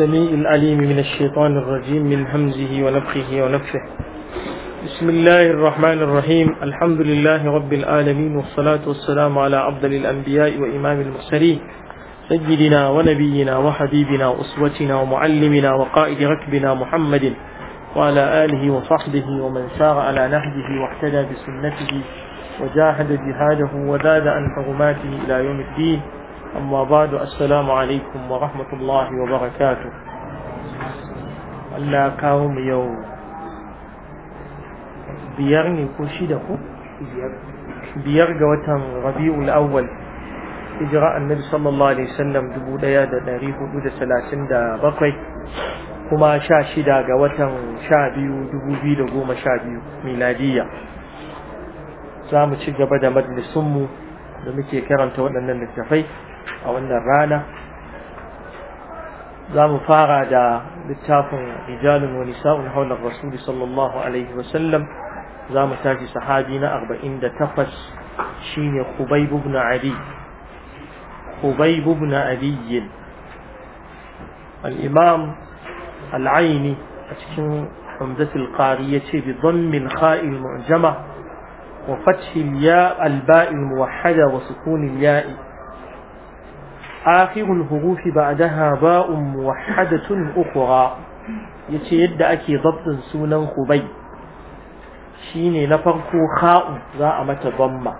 السميع العليم من الشيطان الرجيم من همزه ونفخه ونفخه بسم الله الرحمن الرحيم الحمد لله رب العالمين والصلاة والسلام على عبد الأنبياء وإمام المرسلين سيدنا ونبينا وحبيبنا وأسوتنا ومعلمنا وقائد ركبنا محمد وعلى آله وصحبه ومن سار على نهجه واحتدى بسنته وجاهد جهاده وزاد عن حرماته إلى يوم الدين أما بعد السلام عليكم ورحمة الله وبركاته Allah kawo mu yau biyar ne ko shida ko? biyar ga watan rabi'ul awwal hijira annabi sallallahu alaihi wasallam bakwai, kuma sha shida ga watan sha biyu dubu biyu da goma sha biyu miladiya za mu ci gaba da majalisunmu da muke karanta waɗannan littafai a wannan rana za mu fara da littafin rijalun wani sa'un haular rasuli sallallahu alaihi wasallam za mu tashi sahabi na 48 shine Khubayb ibn Ali Khubayb ibn Ali al-Imam al a cikin Umdat ƙari qari yace bi dhamm al-kha' wa fath ya al-ba' al-muwahhada wa sukun ya'i. آخر الحروف بعدها باء موحدة أخرى yace yadda ake zabtin sunan Hubay shine na farko kha'u za a mata bamma,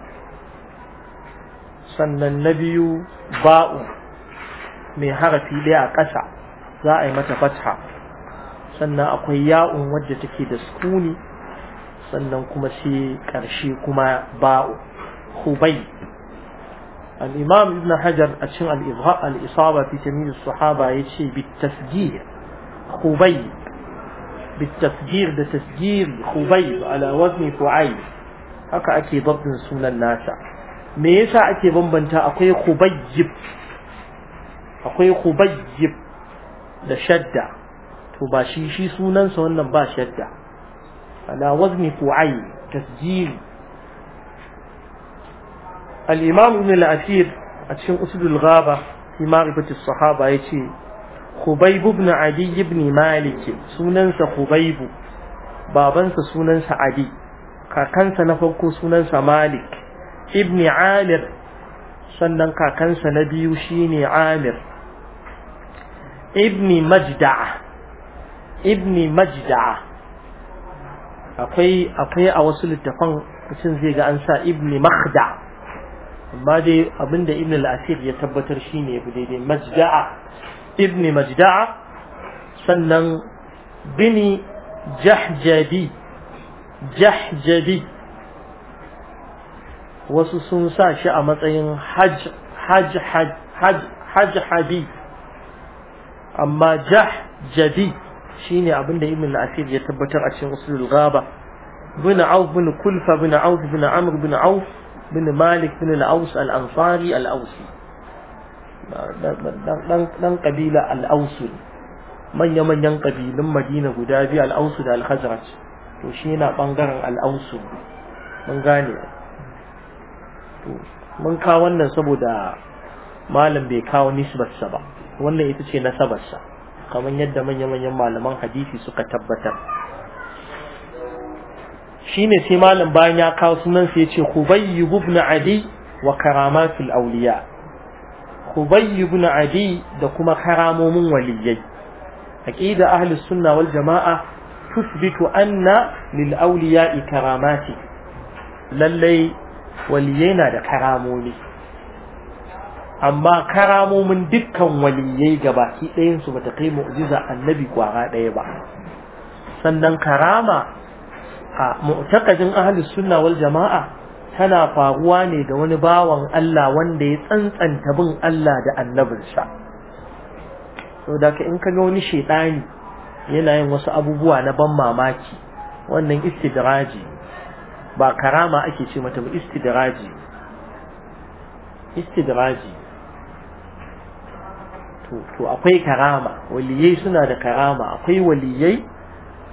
sannan na biyu ba'u mai harafi ɗaya a ƙasa za a yi mata fatha sannan akwai ya'un wadda take da sukuni sannan kuma sai ƙarshe kuma ba'u الإمام ابن حجر أتشن الإضغاء الإصابة في تمييز الصحابة يتشي بالتفجير خبيب بالتفجير بتفجير خبيب على وزن فعيل هكا أكي ضد سنة الناس ما يسا أكي ضمنت أقوي خبيب أقوي خبيب لشدة تباشيشي سنة سنة باشدة على وزن فعيل تفجير al-imam ibn al-asir a cikin usudul ghaba fi ma'rifati sahaba yace khubayb ibn adi ibn malik sunansa khubayb babansa sunansa adi kakansa na farko sunansa malik ibn amir sannan kakansa na biyu shine amir ibn majda'a akwai a wasu littafan mutum zai ga an sa ibn makhda amma dai abinda ibn al-asir ya tabbatar shine ya daidai majda'a ibn majda'a sannan bini jahjabi jahjabi wasu sun sa shi a matsayin haj haj amma jahjabi shine abinda ibn al-asir ya tabbatar a cikin usulul ghaba bin auf bin kulfa bin auf bin amr bin auf bin malik bin al-aus al-ansari al-ausi dan kabila al-ausu manya-manyan kabilun madina guda biyu al-ausu da al-khazraj to shi yana bangaren al-ausu mun gane to mun kawo wannan saboda malam bai kawo nisbarsa ba wannan ita ce nasabarsa kamar yadda manya-manyan malaman hadisi suka tabbatar shine sai malam bayan ya kawo sunan sai yace Hubayy ibn Adi wa karamatul awliya Hubayy ibn Adi da kuma karamomin waliyai aqida ahli sunna wal jamaa tusbitu anna lil awliya karamati lallai waliyai na da karamomi amma karamomin dukkan waliyai gabaki ɗayansu bata kai mu'jiza annabi kwara ɗaya ba sannan karama a mu'taqadin ahlus sunna wal jama'a tana faruwa ne da wani bawan Allah wanda ya tsantsanta bin Allah da annabinsa da ka in ka ga wani shedani yana yin wasu abubuwa na ban mamaki wannan istidraji ba karama ake ce mata ba istidraji istidraji to akwai karama waliyai suna da karama akwai waliyai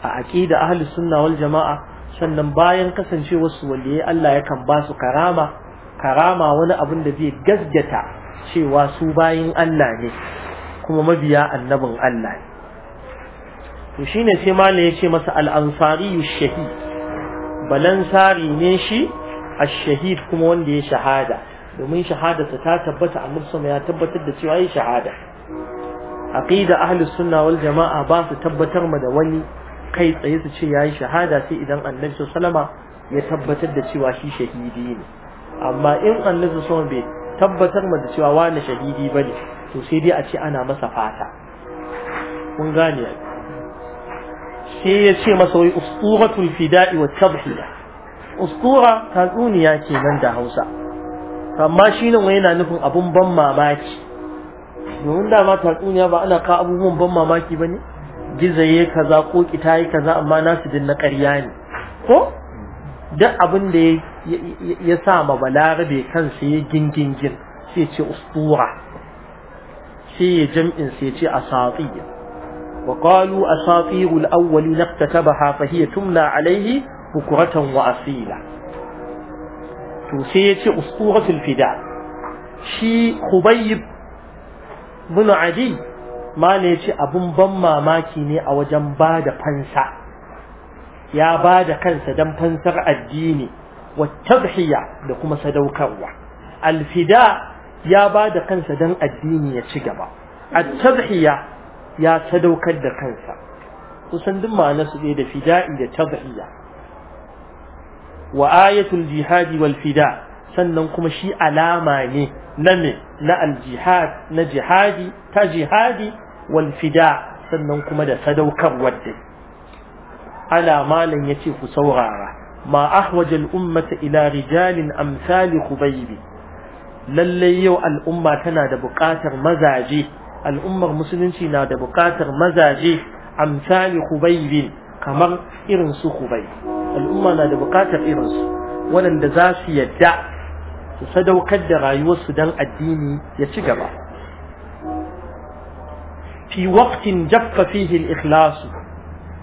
a aqida ahli sunna wal jama'a sannan bayan kasancewar su waliyai Allah yakan ba su karama karama wani abin da zai gasgata cewa su bayin Allah ne kuma mabiya annabin Allah ne to shine sai ya ce masa al-ansari shahid balansari ne shi ash-shahid kuma wanda ya shahada domin shahada ta tabbata a sama ya tabbatar da cewa ya shahada aqida ahli sunna wal jama'a ba su tabbatar ma da wani kai tsaye su ce yayi shahada sai idan annabi sallama ya tabbatar da cewa shi shahidi ne amma in annabi sallama bai tabbatar da cewa wani shahidi bane to sai dai a ce ana masa fata kun gane sai ya ce masa wai usturatul fida'i wa tabhila duniya tatsuniya nan da Hausa amma shi nan yana nufin abun ban mamaki domin dama tatsuniya ba ana ka abubuwan ban mamaki bane ne gizaye kaza ko kitai kaza amma nasu din na ƙarya ne ko duk abin da ya sa ma balarabe kansa ya gingingin sai ce ustura sai ya jam'in sai ce asatiya wa qalu asafiru asatirul awwalin iktatabaha fa hiya tumla alayhi bukuratan wa asila to sai ya ce usturatul fida shi khubayb bin adi mala ya ce abin ban mamaki ne a wajen ba da fansa ya ba da kansa don fansar addini wa tabhiya da kuma sadaukarwa alfida ya ba da kansa don addini ya ci gaba a tabhiya ya sadaukar da kansa kusan duk ma'ana su da fida'i da tabhiya wa ayatul jihadi wal fida sannan kuma shi alama ne na me na aljihad na jihadi ta jihadi wal fida sannan kuma da sadaukarwar dai ala malan yace ku saurara ma ahwajal ummata ila rijalin amsal khubayb lalle yau al'umma tana da buƙatar mazaje al'ummar musulunci na da buƙatar mazaje amsal khubayb kamar irin su al'umma na da buƙatar irin su waɗanda za su yadda su sadaukar da rayuwarsu don addini ya ci gaba fi waqtin jaffa fihi al-ikhlas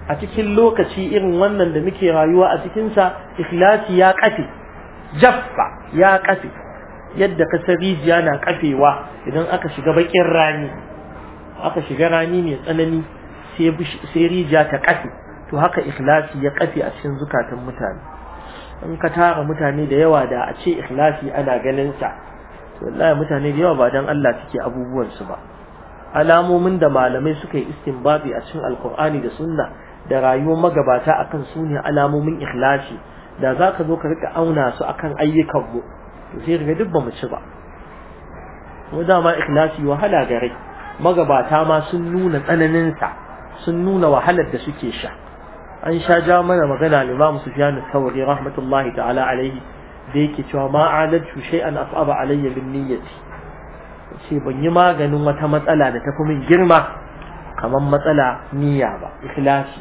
a cikin lokaci irin wannan da muke rayuwa a cikin sa ikhlasi ya kafe jaffa ya kafe yadda kasar rijiya na kafewa idan aka shiga bakin rani aka shiga rani mai tsanani sai rijiya ta kafe to haka ikhlasi ya kafe a cikin zukatan mutane in ka tara mutane da yawa da a ce ikhlasi ana ganin sa wallahi mutane da yawa ba dan Allah suke abubuwan su ba alamomin da malamai suka yi istinbati a cikin alkur'ani da sunna da rayuwar magabata akan su alamomin ikhlashi da za ka zo ka rika auna su akan ayyukan mu to sai ka duk bamu ci ba mu dama ikhlashi wahala gare magabata ma sun nuna tsananin sa sun nuna wahalar da suke sha an sha ja mana magana Imam su al-Thawri rahmatullahi ta'ala alaihi da yake cewa ma alajtu shay'an af'aba alayya bin niyyati ce ban yi maganin wata matsala da tafi min girma kamar matsala niyya ba ikhlasi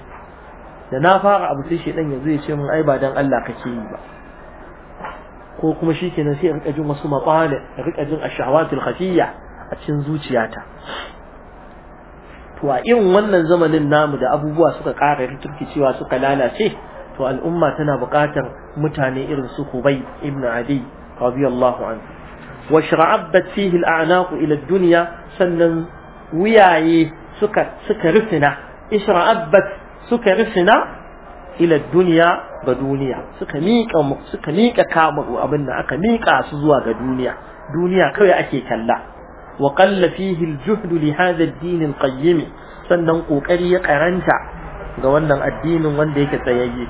da na fara abu sai shedan yanzu ya ce min ai ba dan Allah kake yi ba ko kuma shikenan sai in rika jin wasu maqala in rika jin ashawatul khafiyya a cikin zuciyata to a irin wannan zamanin namu da abubuwa suka ƙara cewa suka lalace to al'umma tana buƙatar mutane irin su Hubay ibn Adi radiyallahu anhu wa shira'abbat fihi al'anaqu ila dunya sannan wuyaye suka suka rufina ishra'abbat suka rufina ila dunya ga duniya suka miƙa suka kama aka miƙa su zuwa ga duniya duniya kawai ake kalla wa qalla fihi al-juhd li hadha ad-din sannan kokari ya karanta ga wannan addinin wanda yake tsayayye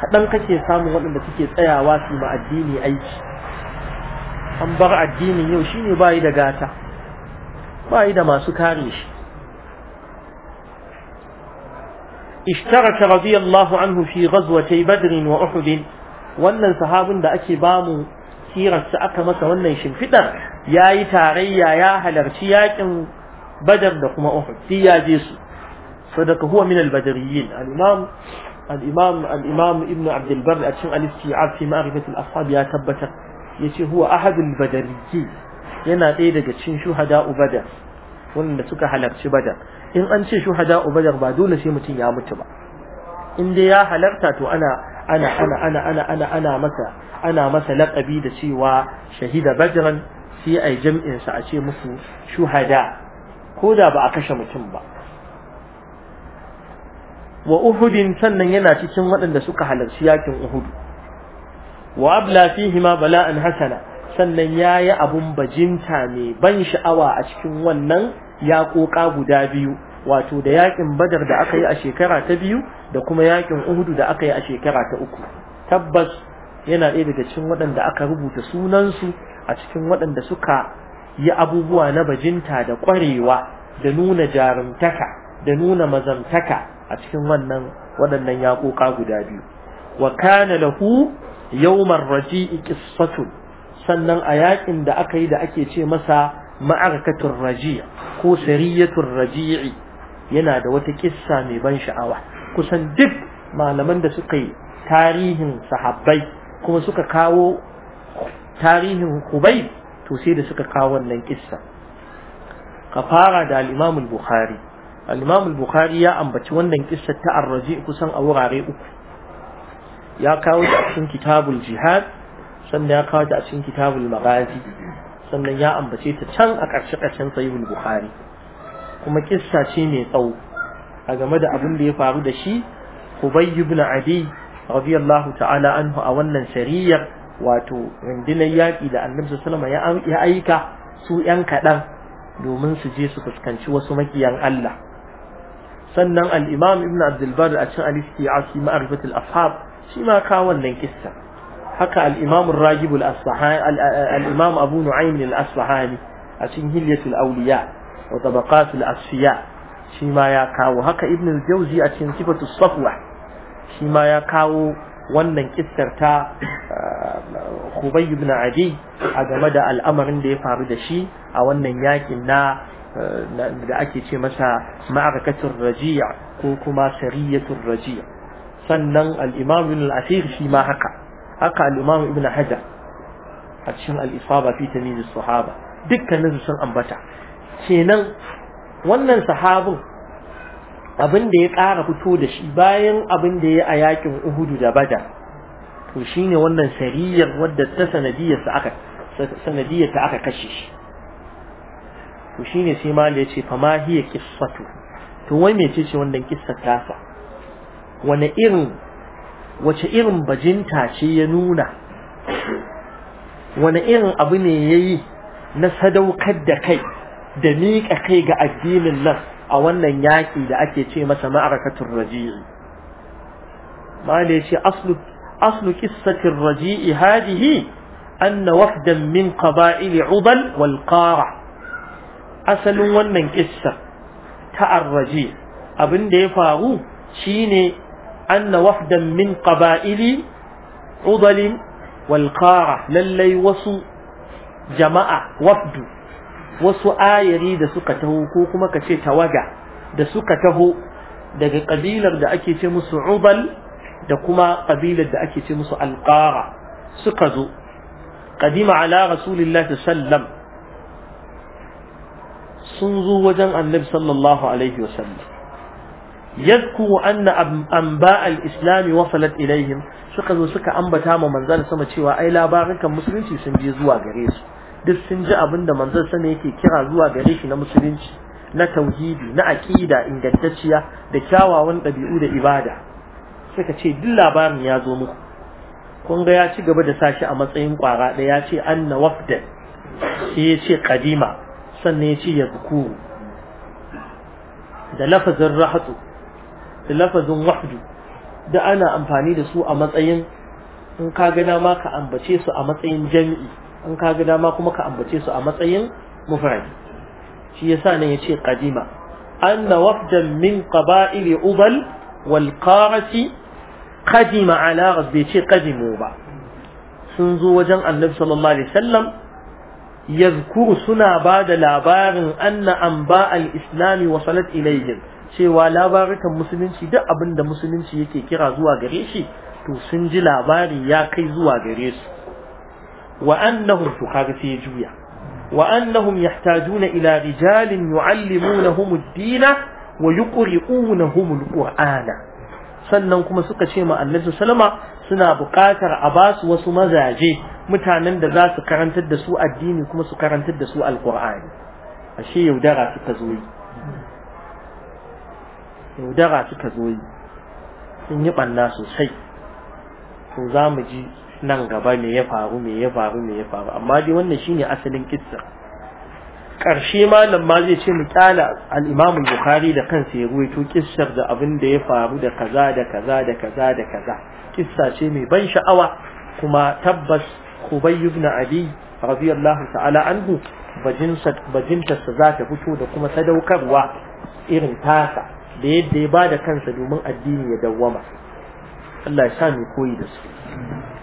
kadan kake samu waɗanda suke tsayawa su ma addini aiki an bar addinin yau shine bai da gata bai da masu kare shi اشترك radiyallahu anhu fi ghazwati badr wa uhud wannan sahabin da ake bamu sa aka masa wannan shimfidar yayi tarayya ya halarci yakin badr da kuma uhud shi ya je su sadaka huwa min al-badariyin al-imam al-imam al-imam ibn abd al-barr a cikin al-istiab fi ma'rifat al-ashab ya tabbatar yace huwa ahadul badariki yana ɗaya daga cikin shuhada ubadar wanda suka halarci badar in an ce shuhada ubadar ba dole sai mutum ya mutu ba in dai ya halarta to ana ana ana ana ana ana ana masa ana masa laƙabi da cewa shahida badran sai ai jam'in sa a ce musu shuhada ko da ba a kashe mutum ba wa uhudin sannan yana cikin waɗanda suka halarci yakin uhudu wa abla ma bala'an hasana sannan yayi abun bajinta ne ban sha'awa a cikin wannan yaƙoƙa guda biyu wato da yaƙin badar da aka yi a shekara ta biyu da kuma yaƙin uhudu da aka yi a shekara ta uku tabbas yana ɗaya daga cikin waɗanda aka rubuta sunansu a cikin waɗanda suka yi abubuwa na bajinta da ƙwarewa da nuna jarumtaka da nuna mazamtaka a cikin wannan waɗannan yaƙoƙa guda biyu wa kana lahu yawmar raji'i qissatu sannan a yakin da aka yi da ake ce masa ma'arakatul raji ko sariyatul raji'i yana da wata kissa mai ban sha'awa kusan duk malaman da suka yi tarihin sahabbai kuma suka kawo tarihin kubai to sai da suka kawo wannan kissa ka fara da Alimamul bukhari Alimamul bukhari ya ambaci wannan kissa ta arraji kusan a wurare uku ya kawo ta a cikin kitabul jihad sannan ya kawo ta a cikin kitabul magazi sannan ya ambace ta can a ƙarshe ƙarshen sahihul bukhari kuma kissa ce mai tsawo a game da abin da ya faru da shi Ubay ibn Adi radiyallahu ta'ala anhu a wannan shariyar wato rundunar yaƙi da Annabi sallallahu alaihi ya aika su ‘yan kaɗan domin su je su fuskanci wasu makiyan Allah. Sannan Al-Imam Ibn Abdulbar a cin alisti ya asi ma'arifatul ashab shi ma ka wannan kissa haka al-imam ar-ragib al-asfahani al-imam abu nu'aym al-asfahani a cikin hilyatul awliya wa tabaqat al-asfiya shi ma ya kawo haka ibn al-jawzi a cikin sifatu safwa shi ma ya kawo wannan kissar ta Khubay ibn Adi a game da al'amarin da ya faru da shi a wannan yakin na da ake ce masa ma'arakatul rajiya ko kuma shariyatul rajiya sannan al-imam ibn shi ma haka haka al ibn hajar a cikin al-isaba fi tamyiz sahaba dukkanin sun ambata kenan wannan sahabin abin da ya ƙara fito da shi bayan abin da ya a yakin Uhudu da bada to shi ne wannan sariyar wadda ta sanadiyar ta aka kashe shi to shine sai ma ya ce fa ma hiya qissatu to wai mece ce wannan kissar tasa wani irin wace irin bajinta ce ya nuna wani irin abu ne ya yi na sadaukar da kai da miƙa kai ga addinin nan a wannan yaƙi da ake ce masa ma'arakatun raji'i mala ya ce aslu kissatin raji'i hadihi أن وفدا من قبائل asalin wannan أسل ونن abin da ya faru فاغو شيني أن وفدا من قبائل عضل والقارة للي وسو جماعة وفد وسو آيري دا سكته كوكما كشي توجع دا سكته دا قبيلة دا أكي تمس عضل دا كما قبيلة دا أكي تمس القارة سكزو قدم على رسول الله صلى الله عليه وسلم sun zo wajen annabi sallallahu alaihi wasallam yadku anna anba al-islam wasalat ilaihim suka zo suka ambata ma manzon sama cewa ai labarukan musulunci sun je zuwa gare su duk sun ji abinda manzon sama yake kira zuwa gare shi na musulunci na tauhidi na aqida ingantacciya da kyawawan dabi'u da ibada suka ce duk labarin ya zo muku kun ga ya ci gaba da sashi a matsayin kwara da ya ce anna wafdan shi ya ce kadima sannan ya ce yazkuru da lafazin rahatu lafazin wahdu da ana amfani da su a matsayin in ka ga dama ka ambace su a matsayin jami'i in ka ga dama kuma ka ambace su a matsayin mufradi shi yasa nan yace qadima anna wafdan min qaba'il ubal wal qarati qadima ala rabbi ce qadimu ba sun zo wajen annabi sallallahu alaihi wasallam suna ba da labarin anna anba al-islami wasalat ilayhim cewa labarukan musulunci duk abin da musulunci yake kira zuwa gare shi to sun ji labari ya kai zuwa gare su wa annahum to kaga sai juya wa yahtajuna ila rijalin yuallimunahum ad dina, wa yuqri'unahum al-qur'ana sannan kuma suka ce ma Annabi sallama suna buƙatar a ba su wasu mazaje mutanen da za su karantar da su addini kuma su karantar da su alqur'ani ashe yaudara suka zo yi yaudara suka zo yi sun yi ɓanna sosai to za mu ji nan gaba me ya faru me ya faru me ya faru amma dai wannan shine asalin kissa karshe malam ma zai ce mu kyala al-Imam Bukhari da kansa ya ruwaito kissar da abin da ya faru da kaza da kaza da kaza da kaza kissa ce mai ban sha'awa kuma tabbas Ubay ibn Abi radiyallahu ta'ala anhu bajinsa bajinta za ta fito da kuma sadaukarwa irin tasa da yadda ya bada kansa domin addini ya dawwama Allah ya sa koyi da su